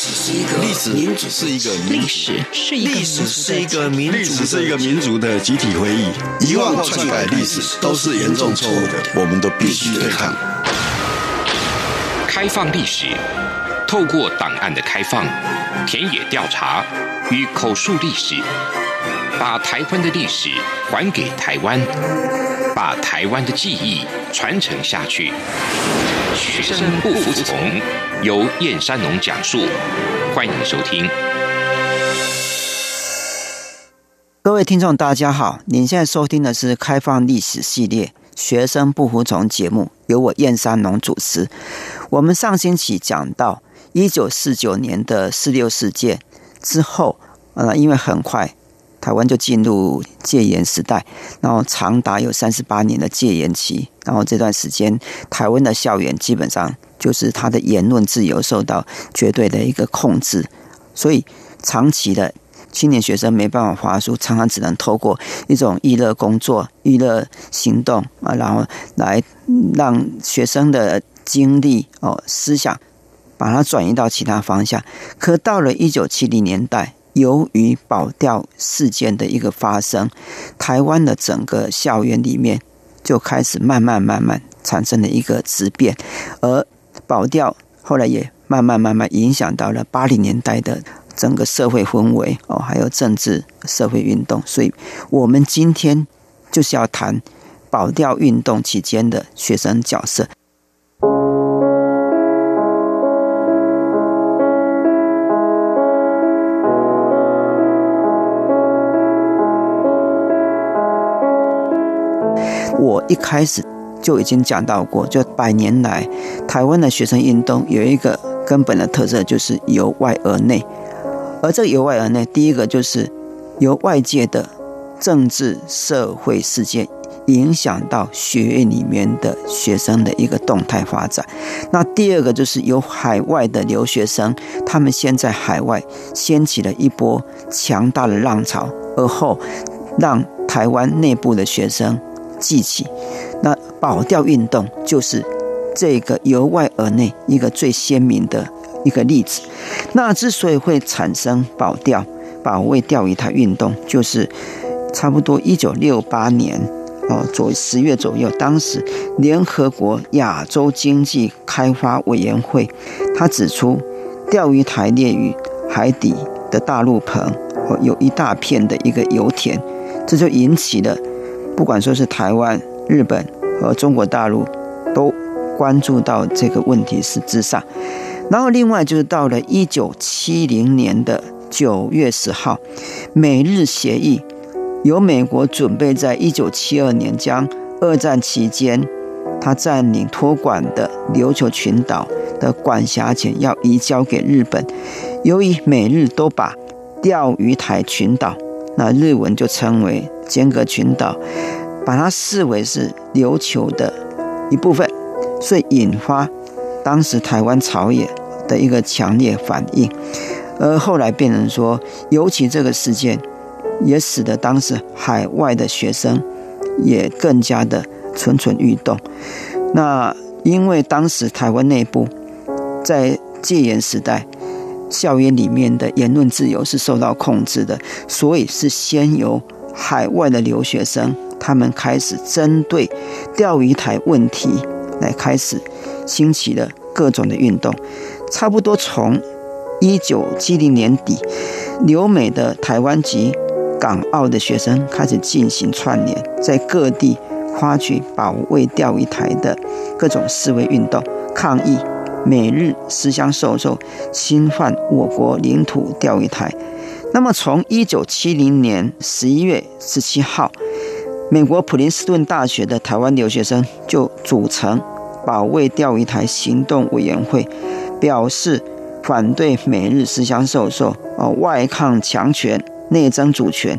歷史是一個歷史，史是一個民族的歷史是一個民族是一個民族的集體回憶，遺忘篡改歷史都是嚴重錯誤的，我們都必須對抗。開放歷史，透過檔案的開放、田野調查與口述歷史，把台灣的歷史還給台灣。把台灣的記憶傳承下去。學生不服從，由燕山農講述。歡迎收聽。各位聽眾，大家好，您現在收聽的是《開放歷史系列》“學生不服從”節目，由我燕山農主持。我們上星期講到一九四九年的四六事件之後，呃，因為很快。台灣就進入戒嚴時代，然後長達有三十八年的戒嚴期。然後這段時間，台灣的校園基本上就是他的言論自由受到絕對的一個控制，所以長期的青年學生沒辦法抒發，常常只能透過一種育樂工作、育樂活動啊，然後來讓學生的精力哦思想把它轉移到其他方向。可到了一九七零年代。由於保釣事件的一個發生，台灣的整個校園裡面就開始慢慢慢慢產生了一個質變，而保釣後來也慢慢慢慢影響到了八零年代的整個社會氛圍哦，還有政治社會運動。所以我們今天就是要談保釣運動期間的學生角色。我一開始就已經講到過，就百年來台灣的學生運動有一個根本的特色，就是由外而內。而這由外而內，第一個就是由外界的政治社會事件影響到學院裡面的學生的一個動態發展。那第二個就是由海外的留學生，他們先在海外掀起了一波強大的浪潮，而後讓台灣內部的學生。記起，那保釣運動就是這個由外而內一個最鮮明的一個例子。那之所以會產生保釣、保衛釣魚台運動，就是差不多一九六八年哦左十月左右，當時聯合國亞洲經濟開發委員會他指出，釣魚台列於海底的大陸棚，哦有一大片的一個油田，這就引起了。不管說是台灣、日本和中國大陸，都關注到這個問題是之上。然後另外就是到了一九七零年的九月十號，美日協議由美國準備在一九七二年將二戰期間他占領托管的琉球群島的管轄權要移交給日本。由於美日都把釣魚台群島。那日文就稱為尖閣群島，把它視為是琉球的一部分，所以引發當時台灣朝野的一個強烈反應，而後來變成說，尤其這個事件，也使得當時海外的學生也更加的蠢蠢欲動。那因為當時台灣內部在戒嚴時代。校園裡面的言論自由是受到控制的，所以是先由海外的留學生，他們開始針對釣魚台問題來開始興起的各種的運動。差不多從一九七零年底，留美的台灣及港澳的學生開始進行串聯，在各地發起保衛釣魚台的各種示威運動、抗議。美日私相授受，侵犯我國領土釣魚台。那麼，從一九七零年十一月十七號，美國普林斯頓大學的台灣留學生就組成保衛釣魚台行動委員會，表示反對美日私相授受，哦、呃，外抗強權，內爭主權。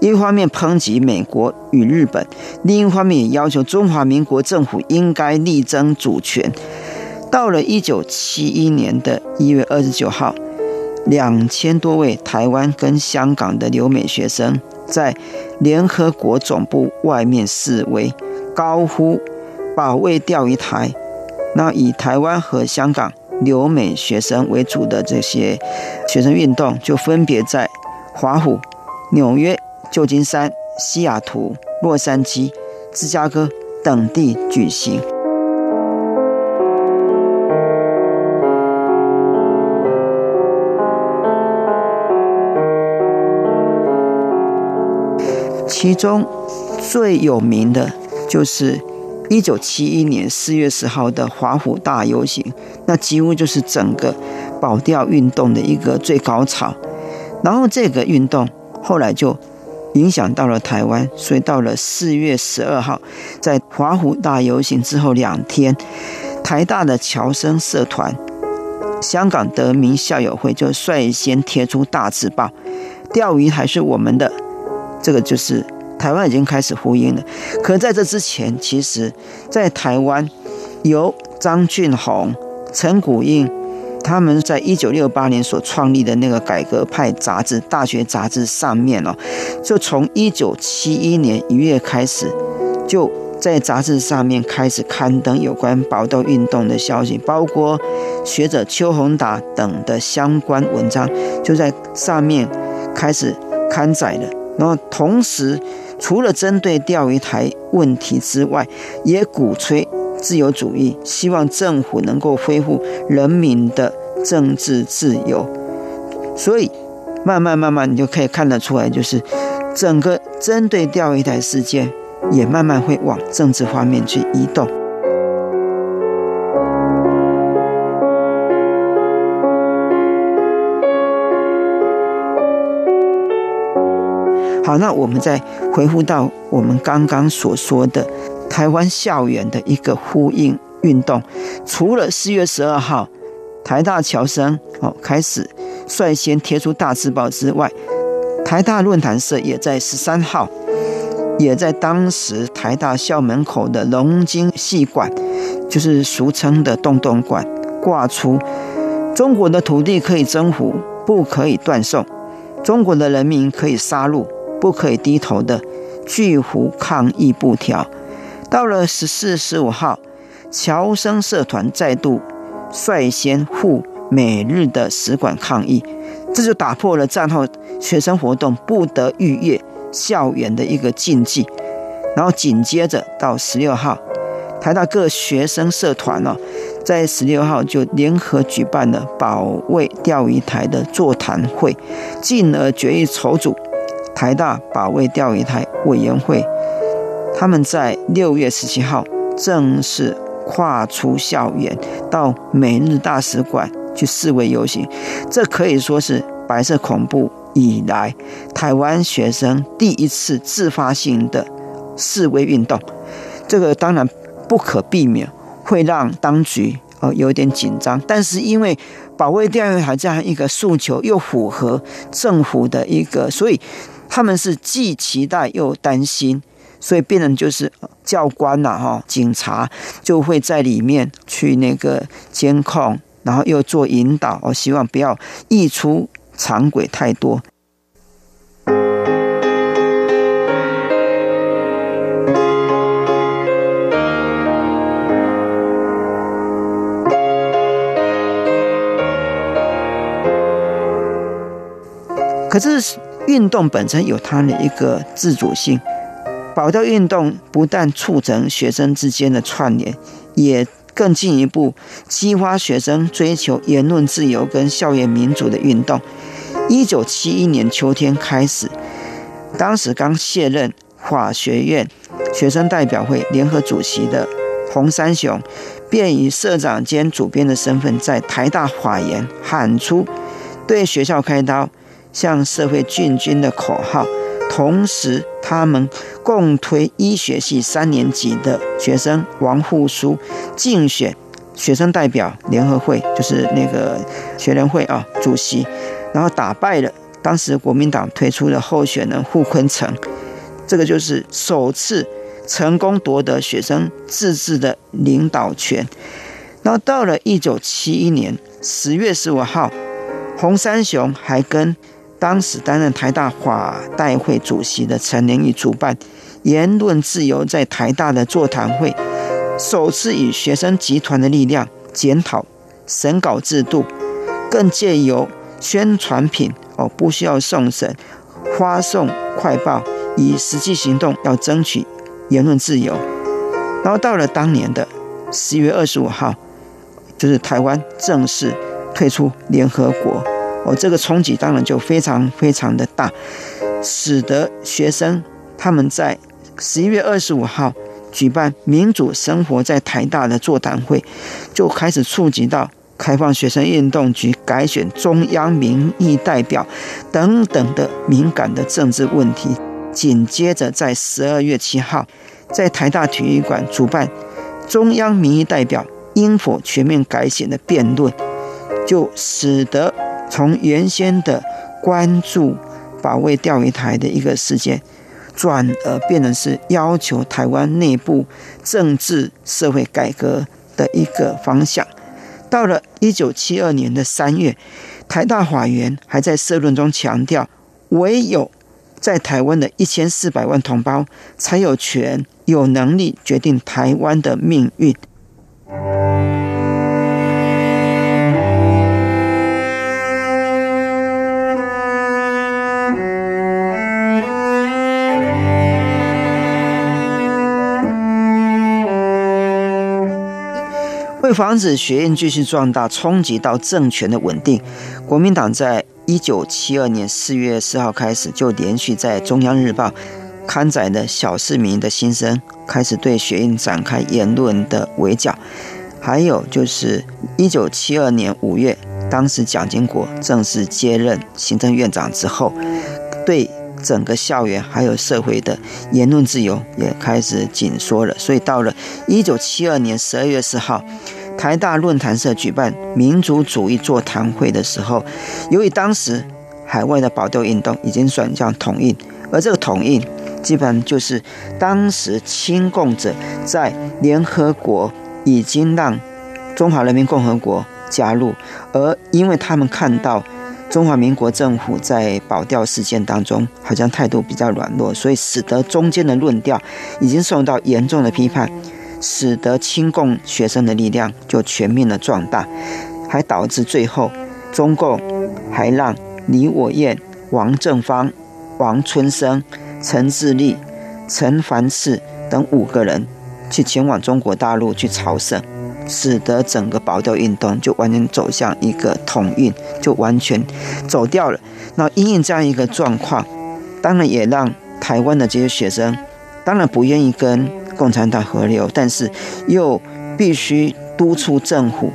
一方面抨擊美國與日本，另一方面也要求中華民國政府應該力爭主權。到了一九七一年的一月二十九號，兩千多位台灣跟香港的留美學生在聯合國總部外面示威，高呼“保衛釣魚台”。那以台灣和香港留美學生為主的這些學生運動，就分別在華府、紐約、舊金山、西雅圖、洛杉磯、芝加哥等地舉行。其中最有名的就是一九七一年四月十號的華府大遊行，那幾乎就是整個保釣運動的一個最高潮。然後這個運動後來就影響到了台灣，所以到了四月十二號，在華府大遊行之後兩天，台大的僑生社團、香港德明校友會就率先貼出大字報：“釣魚還是我們的。”這個就是台灣已經開始呼應了。可在這之前，其實，在台灣由張俊宏、陳鼓應他們在一九六八年所創立的那個改革派雜誌《大學雜誌》上面哦，就從一九七一年一月開始，就在雜誌上面開始刊登有關保釣運動的消息，包括學者邱宏達等的相關文章，就在上面開始刊載了。然後，同時，除了針對釣魚台問題之外，也鼓吹自由主義，希望政府能夠恢復人民的政治自由。所以，慢慢慢慢，你就可以看得出來，就是整個針對釣魚台事件，也慢慢會往政治方面去移動。好，那我們再回復到我們剛剛所說的台灣校園的一個呼應運動。除了四月十二號台大僑生哦開始率先貼出大字報之外，台大論壇社也在十三號，也在當時台大校門口的龍津戲館，就是俗稱的洞洞館，掛出中國的土地可以征服，不可以斷送；中國的人民可以殺戮。不可以低頭的巨幅抗議布條，到了十四、十五號，僑生社團再度率先赴美日的使館抗議，這就打破了戰後學生活動不得逾越校園的一個禁忌。然後緊接着到十六號，台大各學生社團呢、哦，在十六號就聯合舉辦了保衛釣魚台的座談會，進而決議籌組。台大保衛釣魚台委員會，他們在六月十七號正式跨出校園，到美日大使館去示威遊行。這可以說是白色恐怖以來台灣學生第一次自發性的示威運動。這個當然不可避免會讓當局呃有點緊張，但是因為保衛釣魚台這樣一個訴求又符合政府的一個，所以。他們是既期待又擔心，所以別人就是教官吶，哈，警察就會在裡面去那個監控，然後又做引導，我希望不要溢出常軌太多。可是。運動本身有它的一個自主性，保釣運動不但促成學生之間的串聯，也更進一步激發學生追求言論自由跟校園民主的運動。一九七一年秋天開始，當時剛卸任法學院學生代表會聯合主席的洪三雄，便以社長兼主編的身份在台大法言喊出對學校開刀。向社會進軍的口號，同時他們共推醫學系三年級的學生王復蘇競選學生代表聯合會，就是那個學聯會啊主席，然後打敗了當時國民黨推出的候選人傅昆成，這個就是首次成功奪得學生自治的領導權。然後到了一九七一年十月十五號，洪三雄還跟當時擔任台大法代會主席的陳玲玉主辦言論自由在台大的座談會，首次以學生集團的力量檢討審稿制度，更借由宣傳品哦不需要送審，發送快報，以實際行動要爭取言論自由。然後到了當年的十一月二十五號，就是台灣正式退出聯合國。我這個衝擊當然就非常非常的大，使得學生他們在十一月二十五號舉辦民主生活在台大的座談會，就開始觸及到開放學生運動局改選中央民意代表等等的敏感的政治問題。緊接着在十二月七號，在台大體育館主辦中央民意代表應否全面改選的辯論，就使得。從原先的關注保衛釣魚台的一個事件，轉而變成是要求台灣內部政治社會改革的一個方向。到了一九七二年的三月，台大法院還在社論中強調，唯有在台灣的一千四百萬同胞才有權、有能力決定台灣的命運。為防止學運繼續壯大，衝擊到政權的穩定，國民黨在一九七二年四月四號開始就連續在中央日報刊載了小市民的心聲，開始對學運展開言論的圍剿。還有就是一九七二年五月，當時蔣經國正式接任行政院長之後，對整個校園還有社會的言論自由也開始緊縮了。所以到了一九七二年十二月四號，台大論壇社舉辦民族主義座談會的時候，由於當時海外的保釣運動已經轉向統一，而這個統一基本上就是當時親共者在聯合國已經讓中華人民共和國加入，而因為他們看到中華民國政府在保釣事件當中好像態度比較軟弱，所以使得中間的論調已經受到嚴重的批判。使得親共學生的力量就全面的壯大，還導致最後中共還讓李我燕、王正方、王春生、陳自立、陳凡次等五個人去前往中國大陸去朝聖，使得整個保釣運動就完全走向一個統運，就完全走掉了。那因為這樣一個狀況，當然也讓台灣的這些學生當然不願意跟。共產黨合流，但是又必須督促政府，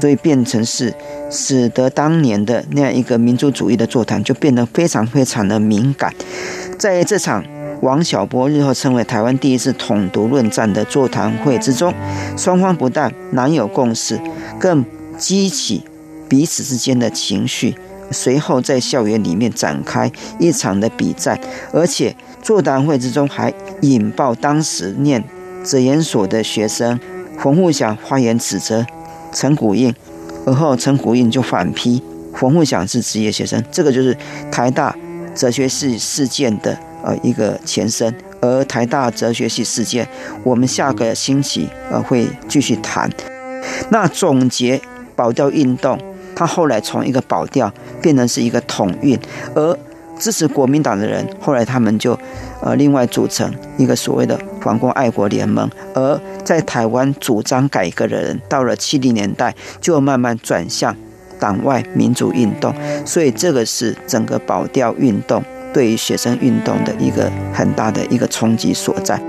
所以變成是使得當年的那樣一個民族主義的座談就變得非常非常的敏感。在這場王小波日後稱為台灣第一次統獨論戰的座談會之中，雙方不但難有共識，更激起彼此之間的情緒。隨後在校園裡面展開一場的筆戰，而且。座談會之中還引爆當時念哲研所的學生馮滬祥，發言指責陳鼓應，而後陳鼓應就反批馮滬祥是職業學生，這個就是台大哲學系事件的呃一個前身。而台大哲學系事件，我們下個星期呃會繼續談。那總結保釣運動，他後來從一個保釣變成是一個統運，而支持國民黨的人後來他們就。而另外組成一個所謂的“反共愛國聯盟”，而在台灣主張改革的人，到了七零年代就慢慢轉向黨外民主運動，所以這個是整個保釣運動對於學生運動的一個很大的一個衝擊所在。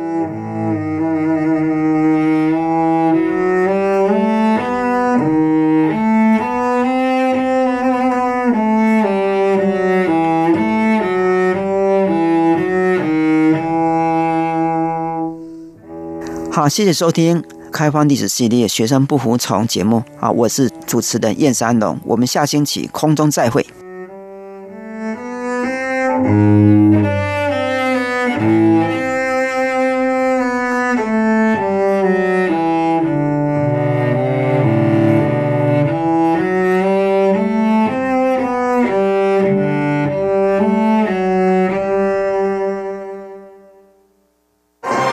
好，謝謝收聽《開放歷史系列》學生不服從節目。好，我是主持人燕山龍，我們下星期空中再會。嗯